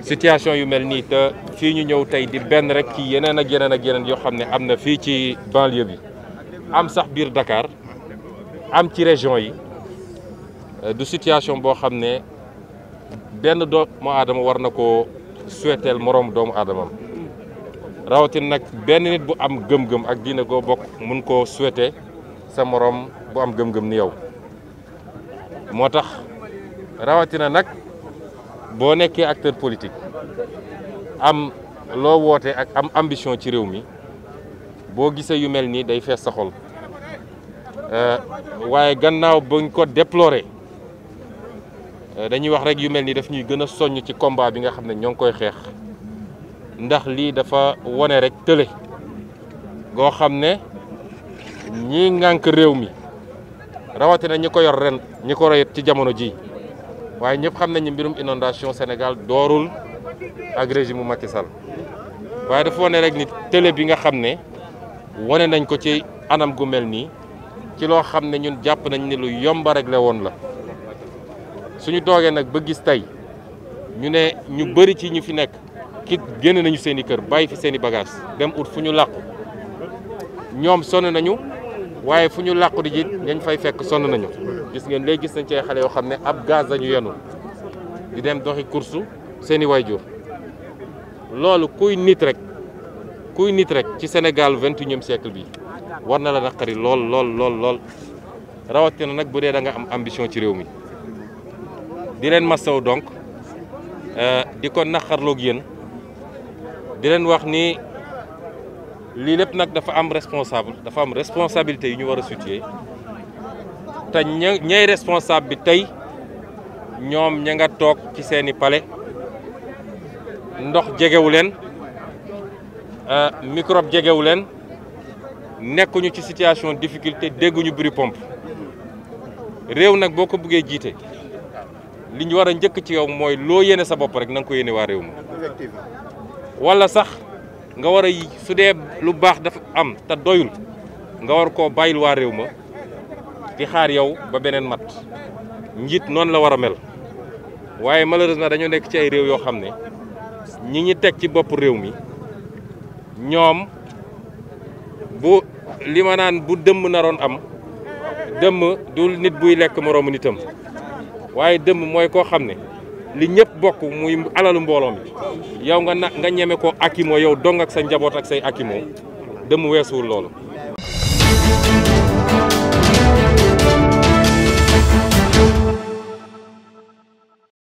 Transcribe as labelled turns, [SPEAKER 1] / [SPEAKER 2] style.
[SPEAKER 1] situation yu mel nii te fii ñu ñëw tey di benn rek ci yeneen ak yeneen ak yeneen yoo xam ne am na fii ci banlieue bi am sax biir dakaar am ci région yi euh, du situation boo xam ne benn doomu aadama war na koo souhaiteel moroom doomu aadamam rawatin nag benn nit bu am gëm-gëm ak diine ko bokk mun koo souhaité sa moroom bu am gëm-gëm ni yow moo tax rawatina nag boo nekkee acteur politique am loo woote ak am ambition ci réew mi boo gisee yu mel nii day fees sa xol euh, waaye gannaaw bañ ko déplorer euh, dañuy wax rek yu mel nii daf ñuy gën a soññ ci combat bi nga xam ne ñoo ngi koy xeex ndax lii dafa wone rek tële goo xam ne ñii ŋànk réew mi rawatina ñi ko yor ren ñi ko royet ci jamono ji waaye ñëpp xam nañu mbirum inondation Sénégal doorul ak régime mu Macky waaye dafa wane rek nit télé bi nga xam ne wane nañ ko ci anam gu mel nii ci loo xam ne ñun jàpp nañ ne lu yomba rek la woon la suñu toogee nag ba gis tey ñu ne ñu bëri ci ñu fi nekk kiit génn nañu seeni i kër bàyyi fi seen i bagage dem ut fu ñu làqu ñoom sonn nañu waaye fu ñu làqu di ji ñañ fay fekk sonn nañu gis ngeen léegi gis nañ ci xale yoo xam ne ab gaz lañu yenu di dem doxi kursu seeni waajur loolu kuy nit rek kuy nit rek ci Sénégal vingt-et-unième bi war na la naqari lool lool lool lool rawatina nag bu dee da nga am ambition ci réew mi di leen masaw donc euh, di ko naqarloog yéen di leen wax ni li lepp nak dafa am responsable dafa am responsabilité yu ñu wara a ta ñay responsable bi tay ñom ñinga tok ci seeni palais ndox jegewu euh microbe jegewu leen ñu ci situation difficulté déggu ñu bruit pompe réew nak boko ko bëggee jiite li ñu wara ñëk ci yow moy lo yéné sa bop rek nang ko yéné wa réew ma wala sax nga war a su dee lu baax dafa am te doyul nga war koo bàyyil waa réew ma di xaar yow ba beneen mat njiit noonu la war a mel waaye na dañoo nekk ci ay réew yoo xam ne ñi ñi teg ci bopp réew mi ñoom bu li naan bu dëmm naroon am dëmm du nit buy lekk moroomu nitam waaye dëmm mooy koo xam ne li ñëpp bokk muy alalu mbooloo mi yow nga na nga ñeme ko akimo yow dong ak sa njaboot ak say akimo dem weesuwul loolu